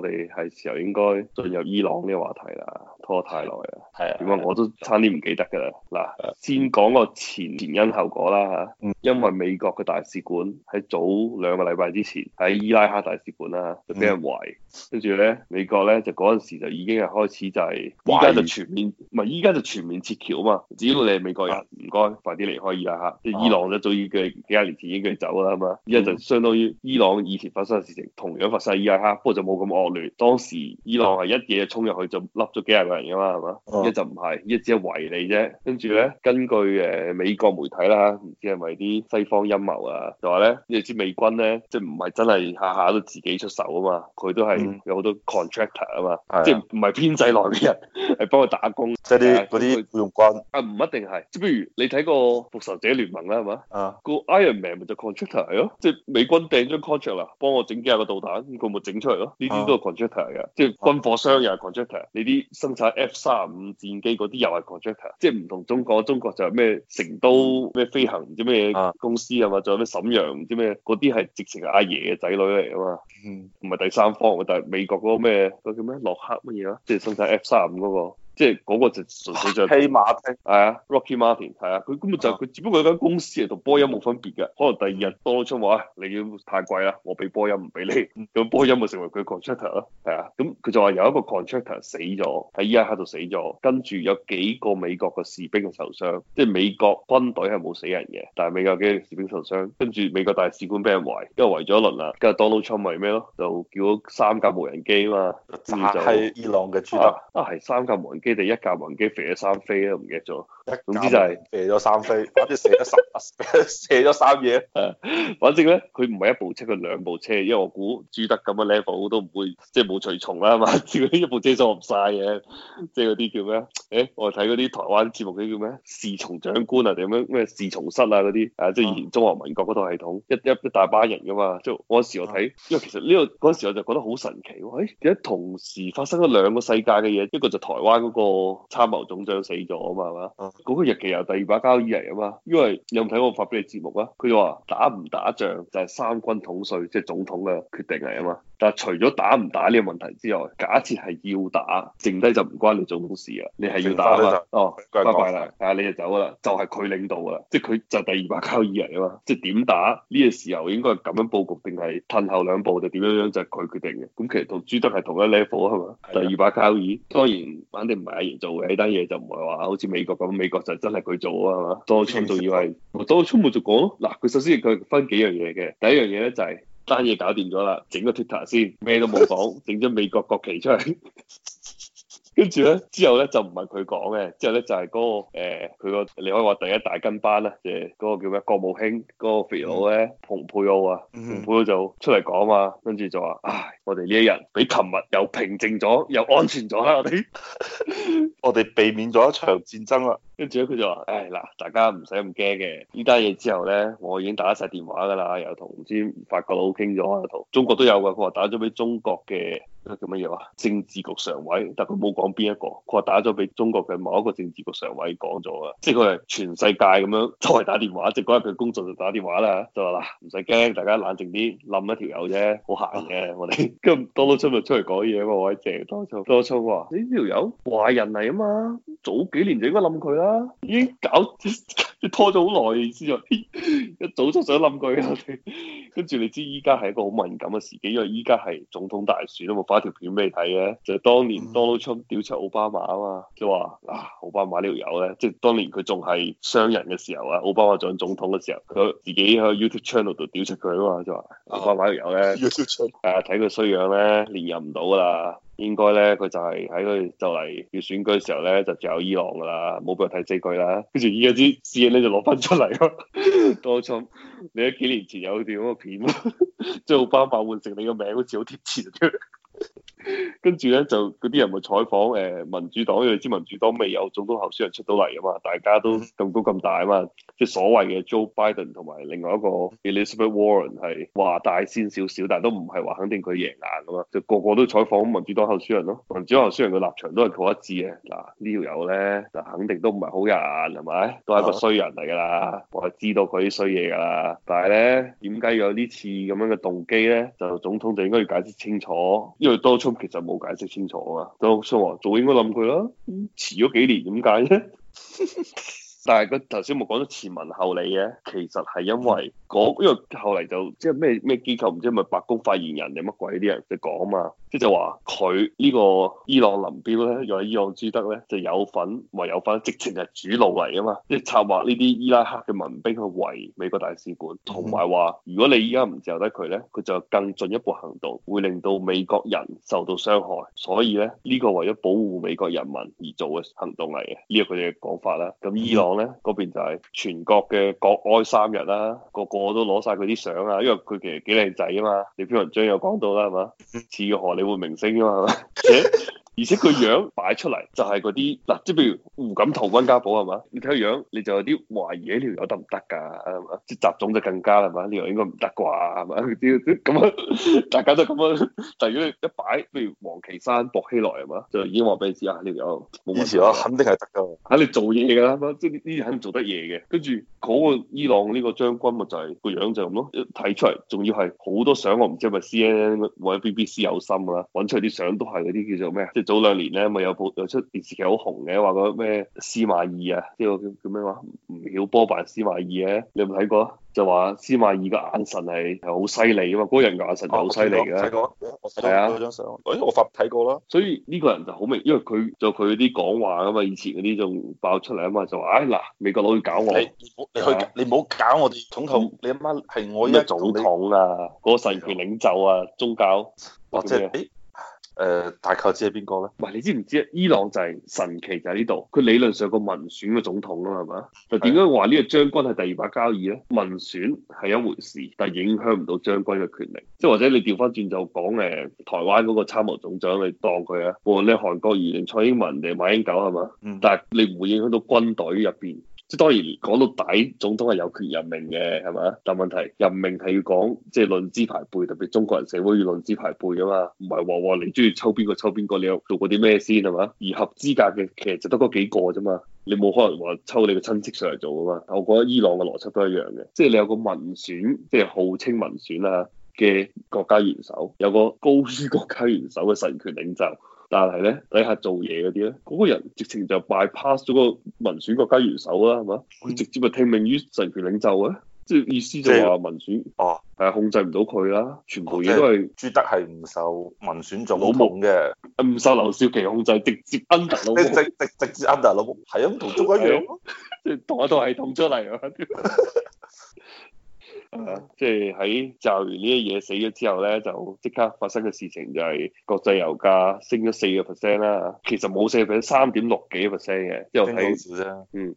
我哋係時候應該進入伊朗呢個話題啦，拖太耐啦。的點解？我都差啲唔記得㗎啦。嗱，先講個前，前因後果啦嚇。因為美國嘅大使館喺早兩個禮拜之前喺伊拉克大使館啦，就俾人圍。跟住咧，美國咧就嗰陣時就已經係開始就係、是，依家就全面，唔係依家就全面撤僑啊嘛。只要你係美國人，唔該、啊，快啲離開伊拉克。啊、伊朗就早已經幾廿年前已經佢走啦，係嘛？依家就相當於、嗯、伊朗以前發生嘅事情，同樣發生喺伊拉克，不過就冇咁惡。當時伊朗係一夜就衝入去就笠咗幾廿個人㗎嘛係嘛？一、哦、就唔係，一只圍你啫。跟住咧，根據誒美國媒體啦唔知係咪啲西方陰謀啊？就話、是、咧，你知美軍咧即係唔係真係下下都自己出手啊嘛？佢都係有好多 contractor 啊嘛，即係唔係編制內嘅人係幫佢打工，即係啲嗰啲傭軍。啊，唔一定係，即係不如你睇個復仇者聯盟啦，係嘛？啊, or, 啊，個 Iron Man 咪就 contractor 係咯，即係美軍掟張 contract 啦，幫我整幾廿個導彈，佢咪整出嚟咯。呢啲都。contractor 嘅，即係軍火商又係 contractor。你啲、啊、生產 F 三五戰機嗰啲又係 contractor，即係唔同中國。中國就係咩成都咩、嗯、飛行唔知咩公司啊嘛，仲有咩瀋陽，唔知咩嗰啲係直情係阿爺嘅仔女嚟啊嘛，唔係、嗯、第三方。但係美國嗰個咩嗰個叫咩洛克乜嘢咯？即係生產 F 三五嗰個。即係嗰個就純粹就 Rocky Martin 係啊，Rocky Martin 係啊，佢根本就佢、是、只不過係間公司嚟，同波音冇分別嘅。可能第二日 Donald Trump 話你要太貴啦，我俾波音唔俾你，咁波音咪成為佢 contractor 咯，係啊。咁佢就話有一個 contractor 死咗喺伊拉克就死咗，跟住有幾個美國嘅士兵受傷，即係美國軍隊係冇死人嘅，但係美國嘅士兵受傷，跟住美國大使館俾人圍，因為圍咗一輪啦，跟住 Donald Trump 咪咩咯，就叫咗三架無人機嘛，就係伊朗嘅朱德啊，係三架無人機。你哋一架雲機飛咗三飛啦，唔記得咗。總之就係射咗三飛， 反正射咗十，射咗三嘢。三 反正咧，佢唔係一部車，佢兩部車，因為我估朱德咁嘅 level 都唔會，即係冇隨從啦，係嘛，只嗰啲一部車裝唔晒嘅，即係嗰啲叫咩啊？誒、欸，我哋睇嗰啲台灣節目啲叫咩？侍從長官啊，定咩咩侍從室啊嗰啲，誒、啊，即係以前中華民國嗰套系統，嗯、一一一大班人噶嘛。即係我有時我睇，嗯、因為其實呢、這個嗰陣時我就覺得好神奇，誒、欸，點解同時發生咗兩個世界嘅嘢？一個就台灣嗰個參謀總長死咗啊嘛，係嘛？嗯嗰個日期又第二把交椅嚟啊嘛，因為有冇睇我發俾你節目啊？佢話打唔打仗就係三軍統帥，即係總統嘅決定嚟啊嘛。但係除咗打唔打呢個問題之外，假設係要打，剩低就唔關你總統事啊。你係要打嘛？哦，拜拜啦，係啊，你就走啦，就係佢領導噶啦，即係佢就第二把交椅嚟啊嘛。即係點打呢個時候應該係咁樣佈局，定係退後兩步，就點樣樣就係佢決定嘅。咁其實同朱德係同一 level 係嘛？第二把交椅當然反正唔係阿爺做嘅，呢單嘢就唔係話好似美國咁。美國就真係佢做啊嘛，多春仲要係多春冇就講咯。嗱，佢首先佢分幾樣嘢嘅，第一樣嘢咧就係單嘢搞掂咗啦，整個 Twitter 先咩都冇講，整咗美國國旗出嚟，跟住咧之後咧就唔係佢講嘅，之後咧就係嗰個誒佢個你可以話第一大跟班啦，即係嗰個叫咩國務卿嗰個肥佬咧蓬佩奧啊，蓬佩奧就出嚟講啊嘛，跟住就話：唉，我哋呢一日比琴日又平靜咗，又安全咗啦，我哋我哋避免咗一場戰爭啦。跟住佢就話：誒嗱，大家唔使咁驚嘅。呢單嘢之後呢，我已經打晒電話噶啦，又同唔知法國佬傾咗，同中國都有嘅。佢話打咗俾中國嘅叫乜嘢話政治局常委，但佢冇講邊一個。佢話打咗俾中國嘅某一個政治局常委講咗啊，即係佢係全世界咁樣出嚟打電話，即係嗰日佢工作就打電話啦。就話嗱，唔使驚，大家冷靜啲，冧一條友啫，好閒嘅我哋。咁多粗就出嚟講嘢啊嘛，偉姐多粗多粗話：你呢條友壞人嚟啊嘛！早幾年就應該冧佢啦，已經搞 拖咗好耐，意思就， 一早就想冧佢啦。Mm hmm. 跟住你知依家係一個好敏感嘅時機，因為依家係總統大選啊嘛。我發一條片俾你睇嘅，就係、是、當年 Donald Trump 屌出奧巴馬啊嘛，就係話嗱奧巴馬呢條友咧，即係當年佢仲係商人嘅時候啊，奧巴馬掌總統嘅時候，佢自己喺 YouTube channel 度屌出佢啊嘛，就係、是、話奧巴馬條友咧，係啊睇佢衰樣咧，連任唔到噶啦。應該咧，佢就係喺佢就嚟要選舉嘅時候咧，就仲有伊朗噶啦，冇俾佢睇字句啦。跟住而家啲字咧就攞翻出嚟咯。當 初你喺幾年前有條咁嘅片，將奧巴馬換成你個名，好似好貼切咁。 跟住咧就嗰啲人咪採訪誒，民主黨你知民主黨未有總統候選人出到嚟啊嘛，大家都勁都咁大啊嘛，即係所謂嘅 Joe Biden 同埋另外一個 Elizabeth Warren 係話大先少少，但係都唔係話肯定佢贏硬啊嘛，就個個都採訪民主黨候選人咯，民主黨候選人個立場都係同一致嘅。嗱、這個、呢條友咧就肯定都唔係好人係咪？都係一個衰人嚟噶啦，我係知道佢啲衰嘢噶，但係咧點解有這次這呢次咁樣嘅動機咧？就總統就應該要解釋清楚，因為當初。咁其實冇解釋清楚啊！都話早應該諗佢啦，遲咗幾年點解啫？ 但係佢頭先冇講咗前文後理嘅，其實係因為講、呢個，因為後嚟就即係咩咩機構，唔知係咪白宮發言人定乜鬼啲人就講啊嘛，即係就話佢呢個伊朗林彪咧，又喺伊朗朱德咧，就有份，話有份，直情係主路嚟啊嘛，即係策劃呢啲伊拉克嘅民兵去圍美國大使館，同埋話如果你依家唔自由得佢咧，佢就更進一步行動，會令到美國人受到傷害，所以咧呢、呢個為咗保護美國人民而做嘅行動嚟嘅，呢個佢哋嘅講法啦。咁伊朗。講咧，嗰邊就係全國嘅國哀三日啦，個個都攞晒佢啲相啊，因為佢其實幾靚仔啊嘛，你篇文章又講到啦，係嘛，似荷里活明星啊嘛，係嘛。而且佢樣擺出嚟就係嗰啲嗱，即係譬如胡錦濤溫家寶係嘛，你睇個樣，你就有啲懷疑呢條友得唔得㗎係嘛？即係習總就更加啦嘛，呢條、這個、應該唔得啩係嘛？咁咁 大家都咁樣，就如果一擺，譬如王岐山薄熙來係嘛，就已經話俾你知啦，呢條冇事啦，這個、肯定係得㗎。嚇你做嘢㗎啦，即係呢啲肯做得嘢嘅。跟住嗰個伊朗呢個將軍咪就係、是、個樣就咁咯，睇出嚟仲要係好多相，我唔知係咪 CNN 或者 BBC 有心㗎啦，揾出嚟啲相都係嗰啲叫做咩啊？即、就是早兩年咧，咪有部有出電視劇好紅嘅，話個咩司馬懿啊，即係叫叫咩話吳曉波扮司馬懿啊，你有冇睇過？就話司馬懿個眼神係好犀利啊嘛，嗰個人嘅眼神就好犀利嘅。睇、啊、過，我睇過嗰張相。啊、哎，我發睇過啦。所以呢個人就好明，因為佢就佢啲講話啊嘛，以前嗰啲仲爆出嚟啊嘛，就話哎嗱，美國佬要搞我，你，啊、你去你唔好搞我哋總統，嗯、你阿媽係我一、嗯、總統啊，嗰、那個神權領袖啊，宗教或者。誒、呃、大概知係邊個咧？唔你知唔知啊？伊朗就係神奇就喺呢度，佢理論上個民選嘅總統咯，係咪啊？就點解話呢個將軍係第二把交椅咧？民選係一回事，但係影響唔到將軍嘅權力。即係或者你調翻轉就講誒、uh, 台灣嗰個參謀總長，你當佢啊？無論你韓國如瑜定蔡英文定馬英九係嘛？嗯、但係你唔會影響到軍隊入邊。即係當然講到底，總統係有權任命嘅，係嘛？但問題任命係要講即係、就是、論資排輩，特別中國人社會要論資排輩㗎嘛，唔係話你中意抽邊個抽邊個，你又做過啲咩先係嘛？而合資格嘅其實就得嗰幾個啫嘛，你冇可能話抽你個親戚上嚟做㗎嘛？我覺得伊朗嘅邏輯都一樣嘅，即係你有個民選，即係號稱民選啊嘅國家元首，有個高於國家元首嘅神權領袖。但係咧底下做嘢嗰啲咧，嗰、嗰個人直情就 bypass 咗個民選國家元首啦，係嘛？佢、嗯、直接咪聽命於神權領袖啊，即係意思就話即民選哦，係、啊、控制唔到佢啦，全部嘢都係朱德係唔受民選總統嘅，唔受劉少奇控制，直接 under 老毛 直，直直直接 under 老毛，係啊，同中央一樣，即係 同一套系統出嚟啊！即係喺炸完呢啲嘢死咗之後咧，就即刻發生嘅事情就係國際油價升咗四個 percent 啦。其實冇四個 percent，三點六幾個 percent 嘅，之後睇啦，嗯。